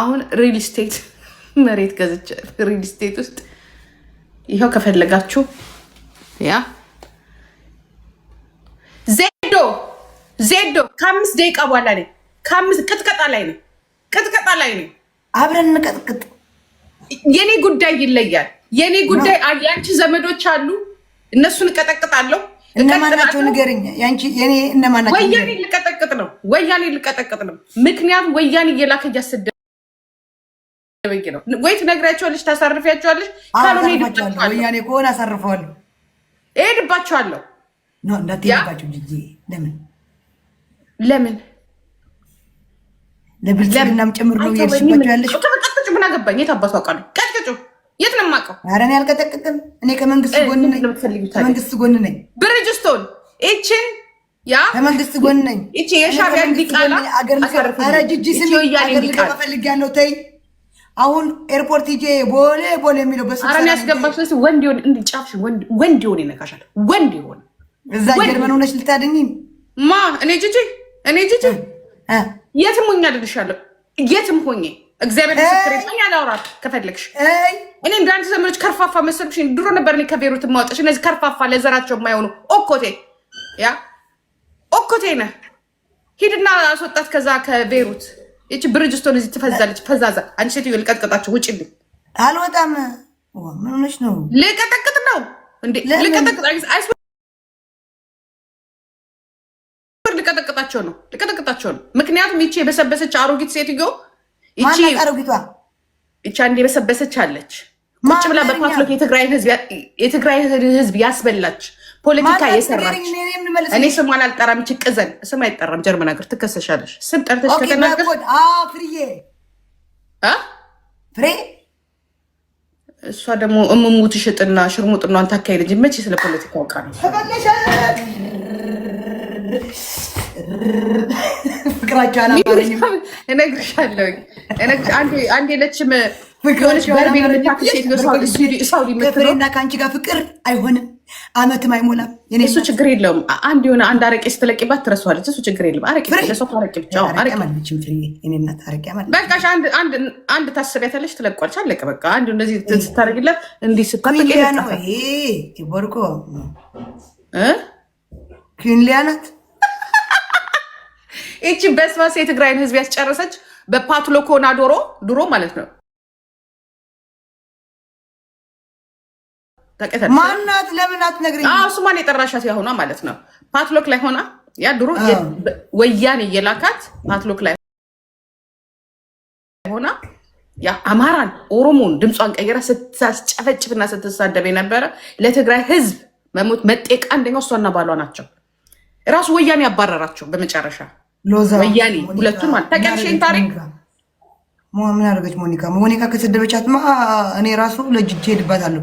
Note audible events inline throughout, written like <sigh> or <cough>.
አሁን ሪል ስቴት <laughs> መሬት ገዝቼ ሪል ስቴት ውስጥ ይኸው ከፈለጋችሁ ያ ዜዶ ዜዶ ከአምስት ደቂቃ በኋላ ነኝ። ከአምስት ቅጥቀጣ ላይ ነው፣ ቅጥቀጣ ላይ ነው። አብረን እንቀጥቅጥ። የኔ ጉዳይ ይለያል። የኔ ጉዳይ የአንቺ ዘመዶች አሉ፣ እነሱን እቀጠቅጣለሁ። እነማናቸው ንገርኝ። እነማናቸው? ወያኔ ልቀጠቅጥ ነው፣ ወያኔ ልቀጠቅጥ ነው። ምክንያቱም ወያኔ እየላከ እያስደ ነው ወይ ትነግሪያቸዋለሽ፣ ታሳርፊያቸዋለሽ። ካልሆነ ወያኔ ከሆነ አሳርፈዋለሁ፣ እሄድባቸዋለሁ። እንዳትሄድባቸው ልጄ። ለምን ለምን ለብልጽግናም ጭምር ነው ያለሽ። ቀጥቅጭ፣ ምን አገባኝ? የት አባቱ አውቃለሁ? ቀጥቅጩ የት ነው የማውቀው? ኧረ እኔ አልቀጠቅጥም። እኔ ከመንግስት ጎን ነኝ፣ ከመንግስት ጎን ነኝ። ብርጅስቶን ያ ከመንግስት ጎን ነኝ። አገር ጅጅ አገር ነው። ተይ አሁን ኤርፖርት ሂጄ ቦሌ ቦሌ የሚለው በስራ ያስገባሽ ስ ወንድ ሆን እንዲጫፍሽ ወንድ ሆን ይነካሻል። ወንድ ሆን እዛ ጀርመን ሆነች ልታደኝ ማ እኔ ጅጂ እኔ ጅጂ የትም ሆኜ አድርሻለሁ። የትም ሆኜ እግዚአብሔር ምስክሬ አላውራት ከፈለግሽ እኔ እንደ ዘመኖች ከርፋፋ መሰልኩሽ። ድሮ ነበር እኔ ከቤሩት ማወጣሽ። እነዚህ ከርፋፋ ለዘራቸው የማይሆኑ ኦኮቴ ያ ኦኮቴ ነህ። ሂድና አስወጣት ከዛ ከቤሩት ይቺ ስቶን እዚህ ትፈዛለች። ፈዛዛ አንቺ ሴትዮ ልቀጥቀጣቸው፣ ውጭልኝ። አልወጣም። ምን ሆነሽ ነው? ልቀጠቅጥ ነው እንዴ? ልቀጠቅጥ ልቀጠቅጣቸው ነው፣ ልቀጠቅጣቸው ነው። ምክንያቱም ይቺ የበሰበሰች አሮጊት ሴትዮ ይቺ አንድ የበሰበሰች አለች ቁጭ ብላ በፓፍሎክ የትግራይ ህዝብ ያስበላች ፖለቲካ የሰራች እኔ ስሟን አልጠራም። ይች ቅዘን ስም አይጠራም። ጀርመን ሀገር ትከሰሻለሽ። ስም ጠርተሽ ከተናገር ፍሬ ፍሬ እሷ ደግሞ እምሙት ሽጥና ሽርሙጥናን ታካሄድ እንጂ መቼ ስለ ፖለቲካ አውቃ ነው። ፍቅራቸው እነግርሻለሁ። አንድ የለችም በርቤ የምታክል ሴት ሳውዲ ምትለው ከአንቺ ጋር ፍቅር አይሆንም አመት አይሞላም። እሱ ችግር የለውም። አንድ የሆነ አንድ አረቄ ስትለቂባት ትረሷለች። እሱ ችግር የለም። አረቄ አረቄ ብቻ በቃ አንድ ታስቢያታለች፣ ትለቋለች። አለቀ በቃ። አንድ እንደዚህ ስታደርግላት እንዲህ ስታጠቅቦርኮ ኪንሊያናት ይቺ በስማሴ የትግራይን ህዝብ ያስጨረሰች በፓትሎኮና ዶሮ ድሮ ማለት ነው ማናት? ለምን አትነግሪኝ? እሱማን የጠራሻት ያሆኗ ማለት ነው። ፓትሎክ ላይ ሆና ያ ድሮ ወያኔ የላካት ፓትሎክ ላይ ሆና አማራን፣ ኦሮሞን ድምጿን ቀይራ ስታስጨፈጭፍና ስትሳደብ የነበረ ለትግራይ ህዝብ መሞት መጤቃ አንደኛው እሷና ባሏ ናቸው። ራሱ ወያኔ አባረራቸው በመጨረሻ ወያኔ ሁለቱም ተቀልሽን ታሪክ ምን አደረገች ሞኒካ? ሞኒካ ከሰደበቻትማ እኔ ራሱ ለጅጅ ሄድባታለሁ።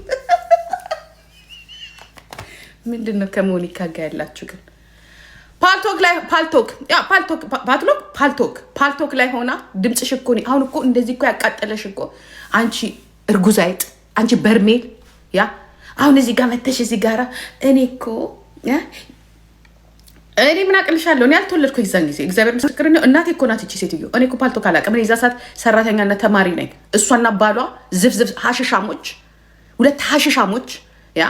ምንድን ነው ከሞኒካ ጋር ያላችሁ ግን ፓልቶክ ላይ ፓልቶክ ፓልቶክ ፓልቶክ ፓልቶክ ላይ ሆና ድምፅ ሽኮ አሁን እኮ እንደዚህ እኮ ያቃጠለሽ እኮ አንቺ እርጉዝ አይጥ አንቺ በርሜል ያ አሁን እዚህ ጋር መተሽ እዚህ ጋራ እኔ እኮ እኔ ምን አቅልሻለሁ? እኔ ያልተወለድኩ የዛን ጊዜ እግዚአብሔር ምስክር ነው። እናቴ እኮ ናት እቺ ሴትዮ። እኔ እኮ ፓልቶክ አላውቅም። እኔ የዛ ሰዓት ሰራተኛና ተማሪ ነኝ። እሷና ባሏ ዝፍዝፍ ሀሽሻሞች፣ ሁለት ሀሽሻሞች ያ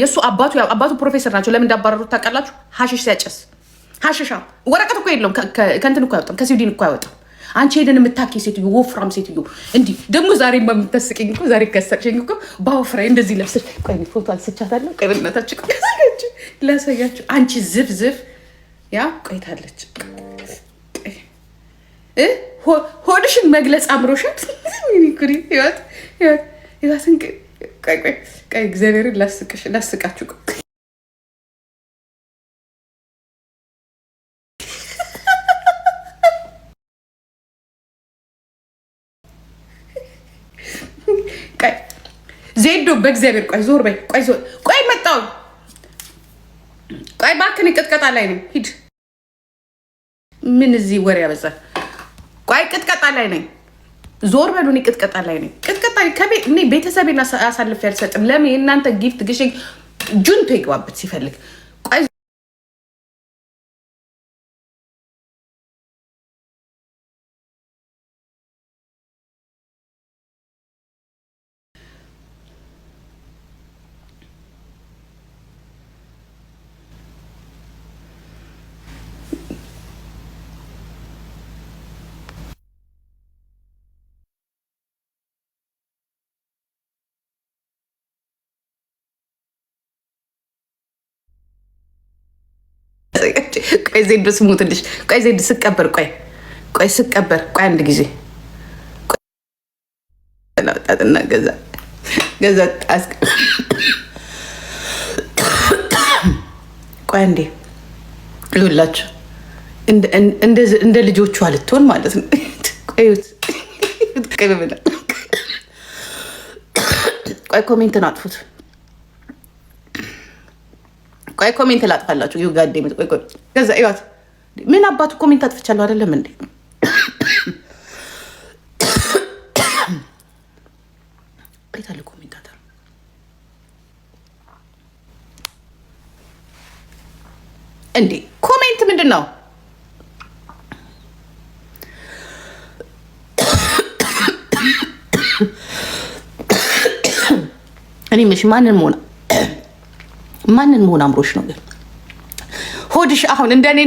የእሱ አባቱ አባቱ ፕሮፌሰር ናቸው። ለምን እንዳባረሩት ታውቃላችሁ? ሀሽሽ ሲያጨስ ሀሽሻ ወረቀት እኮ የለውም። ከእንትን እኮ አይወጣም፣ ከስዊድን እኮ አይወጣም። አንቺ ሄደን የምታኪ ሴትዮ ወፍራም ሴትዮ እንዲህ ደግሞ ዛሬ የምታስቀኝ እኮ ዛሬ ከሳቅሽኝ እኮ በወፍራዬ እንደዚህ ለብሰሽ ቆይ ፎቶ አልስቻታለሁ። ቆይ በእናታችሁ ላሳያችሁ። አንቺ ዝፍ ዝፍ ያ ቆይታለች። ሆድሽን መግለጽ አምሮሻል። <laughs> ይዋትን ቀይ እግዚአብሔርን ላስቃችሁ። ዜዶ በእግዚአብሔር ቆይ ዞር በይ ቆይ ዞር ቆይ መጣሁ ቆይ እባክህን ቅጥቀጣ ላይ ነኝ ሂድ ምን እዚህ ወሬ ያበዛል ቆይ ቅጥቀጣ ላይ ነኝ ዞር በሉን ቅጥቀጣ ላይ ነኝ ለምሳሌ ቤተሰቤን አሳልፌ አልሰጥም። ለምን የእናንተ ጊፍት ግሽ ጁንቶ ይግባበት ሲፈልግ ቆይ ዜድ ስሞትልሽ። ቆይ ዜድ ስቀበር፣ ቆይ ቆይ ስቀበር፣ ቆይ አንድ ጊዜ ጣጥና ገዛ ገዛ ጣስ ቆይ እንዴ ይኸውላችሁ፣ እንደ ልጆቹ አልትሆን ማለት ነው። ቆዩት ቆይ፣ ኮሜንትን አጥፉት። ቆይ ኮሜንት ላጥፋላችሁ። ይሁ ጋዴ ቆይ ቆይ፣ ከዛ ይዋት ምን አባቱ ኮሜንት አጥፍቻለሁ አይደለም እንዴ? ይታለ ኮሜንታተር እንዴ ኮሜንት ምንድን ነው? እኔ መቼ ማንን መሆን ማንን መሆን አምሮች ነው? ግን ሆድሽ አሁን እንደኔ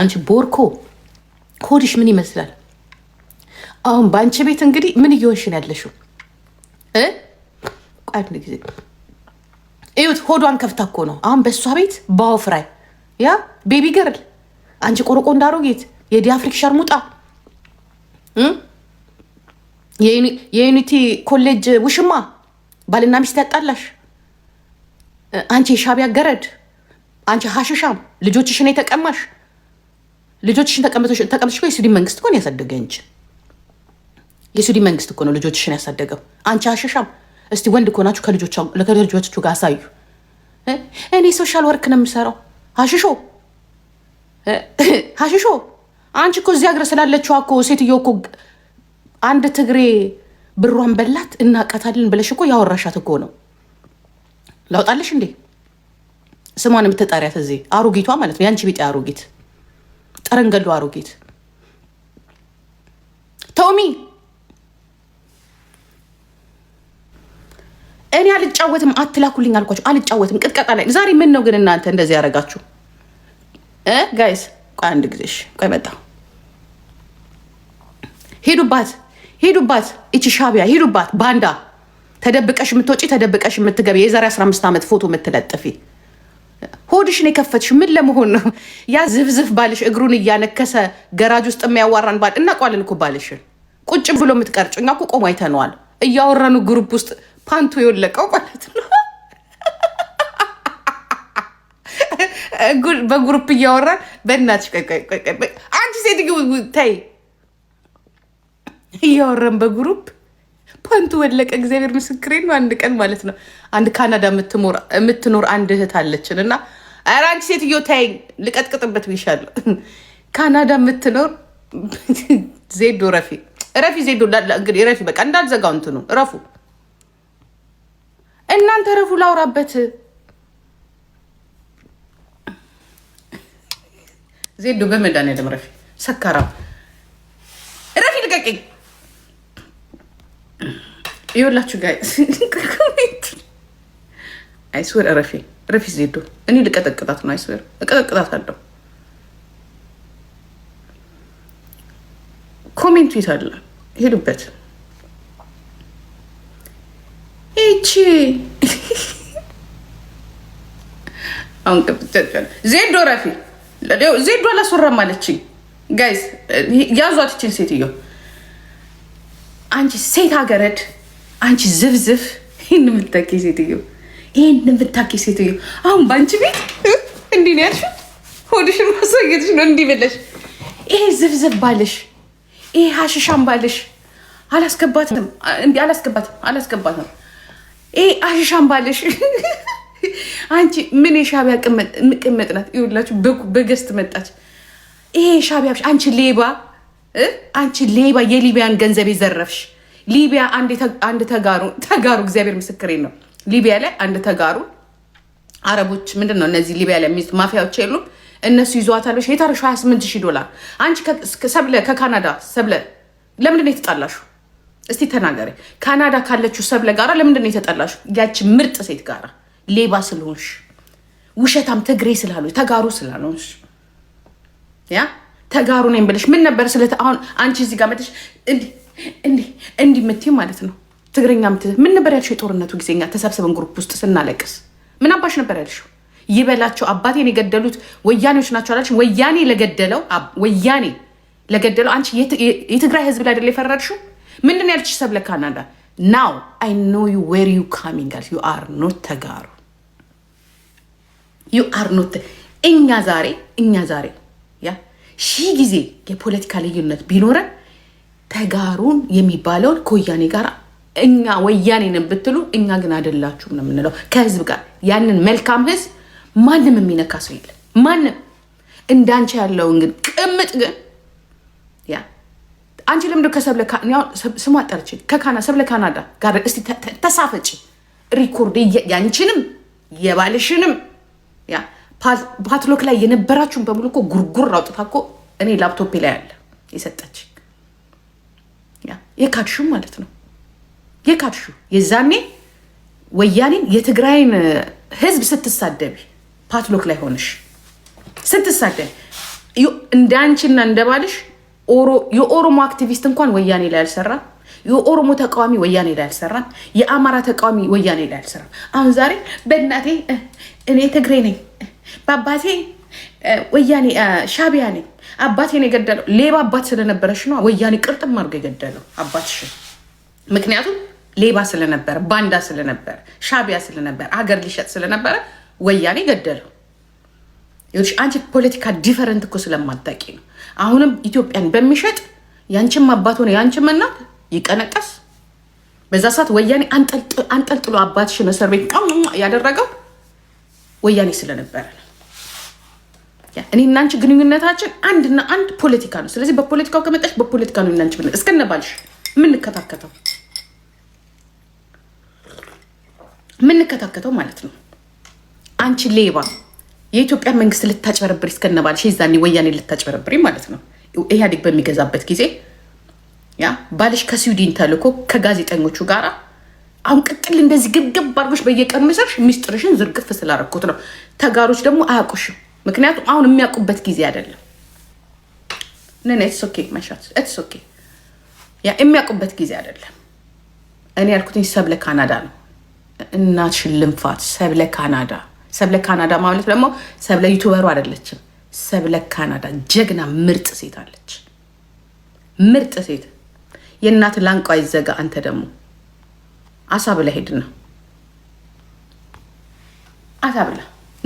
አንቺ ቦርኮ ሆድሽ ምን ይመስላል? አሁን በአንቺ ቤት እንግዲህ ምን እየሆንሽ ነው ያለሽው? ጊዜ እዩት። ሆዷን ከፍታ እኮ ነው አሁን በእሷ ቤት በአወፍራይ ያ ቤቢ ገርል አንቺ ቆርቆ እንዳሮጌት የዲ አፍሪክ ሸርሙጣ የዩኒቲ ኮሌጅ ውሽማ ባልና ሚስት ያጣላሽ አንቺ የሻቢያ ገረድ፣ አንቺ ሀሽሻም ልጆችሽን የተቀማሽ ልጆችሽን ተቀምተሽ እኮ የሱዲ መንግስት እኮ ነው ያሳደገ እንጂ የሱዲ መንግስት እኮ ነው ልጆችሽን ያሳደገው። አንቺ ሀሽሻም እስቲ ወንድ ከሆናችሁ ከልጆቻችሁ ጋር አሳዩ። እኔ ሶሻል ወርክ ነው የምሰራው። ሀሽሾ ሀሽሾ አንቺ እኮ እዚህ ሀገር ስላለችው እኮ ሴትዮ እኮ አንድ ትግሬ ብሯን በላት እናቀታለን ብለሽ እኮ ያወራሻት እኮ ነው። ላውጣለሽ እንዴ ስሟን የምትጠሪያት እዚህ አሮጊቷ ማለት ነው። የአንቺ ቢጤ አሮጊት፣ ጠረንገሉ አሮጊት ቶሚ እኔ አልጫወትም፣ አትላኩልኝ አልኳቸው። አልጫወትም ቅጥቀጣ ላይ ዛሬ ምን ነው ግን እናንተ እንደዚህ ያደረጋችሁ ጋይስ? ቆይ አንድ ጊዜሽ ቆይ መጣ ሄዱባት ሄዱባት እቺ ሻቢያ ሄዱባት ባንዳ ተደብቀሽ የምትወጪ ተደብቀሽ የምትገቢ የዛሬ 15 ዓመት ፎቶ የምትለጥፊ ሆድሽን የከፈትሽ ምን ለመሆን ነው? ያ ዝፍዝፍ ባልሽ እግሩን እያነከሰ ገራጅ ውስጥ የሚያዋራን ባል እናውቀዋለን እኮ ባልሽን። ቁጭ ብሎ የምትቀርጭ እኛ እኮ ቆሞ አይተነዋል። እያወራኑ ግሩፕ ውስጥ ፓንቱ የወለቀው ማለት ነው። በግሩፕ እያወራን በእናትሽ አንቺ ሴትዮ ተይ፣ እያወራን በግሩፕ ፓንቱ ወለቀ። እግዚአብሔር ምስክሬን ነው። አንድ ቀን ማለት ነው አንድ ካናዳ የምትኖር አንድ እህት አለችን እና ኧረ አንቺ ሴትዮ ተይ፣ ልቀጥቅጥበት ብይሻለሁ። ካናዳ የምትኖር ዜዶ ረፊ ረፊ ዜዶ እንግዲህ ረፊ በቃ እንዳልዘጋው እንትኑ ረፉ እናንተ ረፉ ላውራበት ዜዶ በመድኃኒዓለም ረፊ ሰካራም ረፊ ልቀቀኝ። ይኸውላችሁ ጋር አይስወር ረፊ ረፊ ዜዶ እኔ ልቀጠቅጣት ነው። አይስወር እቀጠቅጣት አለው። ኮሜንቱ የት አለ? ሄዱበት ይቺ አሁን ዜዶ ረፊ ዜዶ አላስወራም አለችኝ። ጋይስ ያዟት ይችን ሴትዮ። አንቺ ሴት አገረድ፣ አንቺ ዝብዝፍ፣ ይህን የምታኪ ሴትዮ፣ ይህን የምታኪ ሴትዮ። አሁን በአንቺ ቤት እንዲህ ነው ያልሽው። ሆድሽን ማሳየትሽ ነው እንዲህ ብለሽ። ይሄ ዝብዝብ ባልሽ፣ ይሄ ሀሽሻም ባልሽ አላስገባትም፣ አላስገባትም፣ አላስገባትም። ይሄ ሀሽሻም ባልሽ <laughs> አንቺ ምን የሻቢያ ቅመጥ ናት? ይኸውላችሁ በገስት መጣች። ይሄ የሻቢያ አንቺ ሌባ፣ አንቺ ሌባ፣ የሊቢያን ገንዘብ የዘረፍሽ ሊቢያ አንድ ተጋሩ ተጋሩ፣ እግዚአብሔር ምስክር ነው። ሊቢያ ላይ አንድ ተጋሩ አረቦች ምንድን ነው እነዚህ ሊቢያ ላይ የሚይዙት ማፊያዎች የሉም እነሱ ይዘዋታል። በሽ 28 ሺህ ዶላር። አንቺ ሰብለ ከካናዳ ሰብለ ለምንድን ነው የተጣላሹ? እስቲ ተናገሪ። ካናዳ ካለችው ሰብለ ጋራ ለምንድን ነው የተጣላሹ? ያቺ ምርጥ ሴት ጋራ ሌባ ስለሆንሽ፣ ውሸታም ትግሬ ስላሉ ተጋሩ ስላልሆንሽ ያ ተጋሩ ነኝ ብለሽ ምን ነበር ስለ አሁን አንቺ እዚህ ጋር መጥተሽ እንዲህ የምትይው ማለት ነው። ትግረኛ ምን ነበር ያልሽው? የጦርነቱ ጊዜኛ ተሰብስበን ግሩፕ ውስጥ ስናለቅስ ምን አባሽ ነበር ያልሽው? ይበላቸው አባቴን የገደሉት ወያኔዎች ናቸው አላልሽም? ወያኔ ለገደለው ወያኔ ለገደለው አንቺ የትግራይ ህዝብ ላይ አይደል የፈረድሽው? ምንድን ያልች ሰብለ ካናዳ ናው አይ ኖ ዩ ዌር ዩ ካሚንግ ዩ አር ኖት ተጋሩ ዩ አር ኖት እኛ ዛሬ እኛ ዛሬ ያ ሺህ ጊዜ የፖለቲካ ልዩነት ቢኖረን ተጋሩን የሚባለውን ከወያኔ ጋር እኛ ወያኔ ነን ብትሉ እኛ ግን አይደላችሁም ነው የምንለው። ከህዝብ ጋር ያንን መልካም ህዝብ ማንም የሚነካ ሰው የለም። ማንም እንዳንቺ ያለውን ግን ቅምጥ ግን አንቺ ለምንድን ከሰብለ ስሟ ጠርቼ ከካና ሰብለ ካናዳ ጋር እስቲ ተሳፈጭ ሪኮርድ ያንቺንም የባልሽንም ፓትሎክ ላይ የነበራችሁን በሙሉ እኮ ጉርጉር አውጥታ እኮ እኔ ላፕቶፔ ላይ አለ የሰጠች የካድሹ ማለት ነው። የካድሹ የዛኔ ወያኔን የትግራይን ህዝብ ስትሳደቢ ፓትሎክ ላይ ሆነሽ ስትሳደቢ እንደ ባልሽ የኦሮሞ አክቲቪስት እንኳን ወያኔ ላይ አልሰራ። የኦሮሞ ተቃዋሚ ወያኔ ላይ አልሰራም። የአማራ ተቃዋሚ ወያኔ ላይ አልሰራም። አሁን ዛሬ በእናቴ እኔ ትግሬ ነኝ፣ በአባቴ ወያኔ ሻቢያ ነኝ፣ አባቴን የገደለው ሌባ አባት ስለነበረሽ ነው ወያኔ ቅርጥም አድርጎ የገደለው አባትሽን። ምክንያቱም ሌባ ስለነበረ፣ ባንዳ ስለነበረ፣ ሻቢያ ስለነበረ፣ አገር ሊሸጥ ስለነበረ ወያኔ ገደለው። ይኸውልሽ አንቺ ፖለቲካ ዲፈረንት እኮ ስለማታውቂ ነው። አሁንም ኢትዮጵያን በሚሸጥ ያንቺም አባት ሆነ ያንቺም እናት ይቀነቀስ። በዛ ሰዓት ወያኔ አንጠልጥሎ አባትሽን እስር ቤት ያደረገው ወያኔ ስለነበረ ነው። እኔ እናንቺ ግንኙነታችን አንድና አንድ ፖለቲካ ነው። ስለዚህ በፖለቲካው ከመጣሽ በፖለቲካ ነው እናንቺ እስከነ ባልሽ የምንከታከተው የምንከታከተው ማለት ነው። አንቺ ሌባ የኢትዮጵያ መንግስት ልታጭበረብሪ እስከነባልሽ ዛኔ ወያኔ ልታጭበረብሪ ማለት ነው። ኢህአዴግ በሚገዛበት ጊዜ ያ ባልሽ ከስዊድን ተልኮ ከጋዜጠኞቹ ጋር አሁን ቅጥል እንደዚህ ግብግብ አድርጎሽ በየቀኑ መሰርሽ ሚስጥርሽን ዝርግፍ ስላረኩት ነው። ተጋሮች ደግሞ አያውቁሽም። ምክንያቱም አሁን የሚያውቁበት ጊዜ አይደለም። ነን ኦኬ መሻት ኦኬ ያ የሚያውቁበት ጊዜ አይደለም። እኔ ያልኩትኝ ሰብለ ካናዳ ነው። እናትሽን ልንፋት ሰብለ ካናዳ ሰብለ ካናዳ ማለት ደግሞ ሰብለ ዩቱበሩ አይደለችም። ሰብለ ካናዳ ጀግና ምርጥ ሴት አለች። ምርጥ ሴት የእናት ላንቋ ይዘጋ። አንተ ደግሞ አሳ ሄድ ነው አሳ ብለ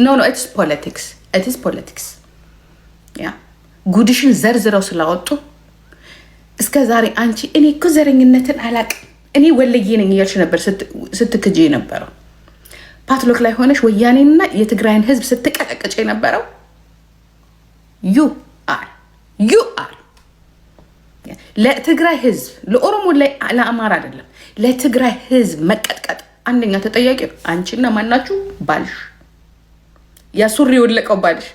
ኖ ኖ ኢትስ ፖለቲክስ ኢትስ ፖለቲክስ። ያ ጉድሽን ዘርዝረው ስላወጡ እስከ ዛሬ አንቺ እኔ እኮ ዘረኝነትን አላቅም እኔ ወለዬ ነኝ እያልሽ ነበር ስትክጅ የነበረው ፓትሎክ ላይ ሆነሽ ወያኔና የትግራይን ህዝብ ስትቀጠቅጭ የነበረው ዩ አር ዩ አር ለትግራይ ህዝብ ለኦሮሞ ላይ ለአማራ አይደለም፣ ለትግራይ ህዝብ መቀጥቀጥ አንደኛ ተጠያቂ አንቺና ማናችሁ ባልሽ፣ ያ ሱሪ የወለቀው ባልሽ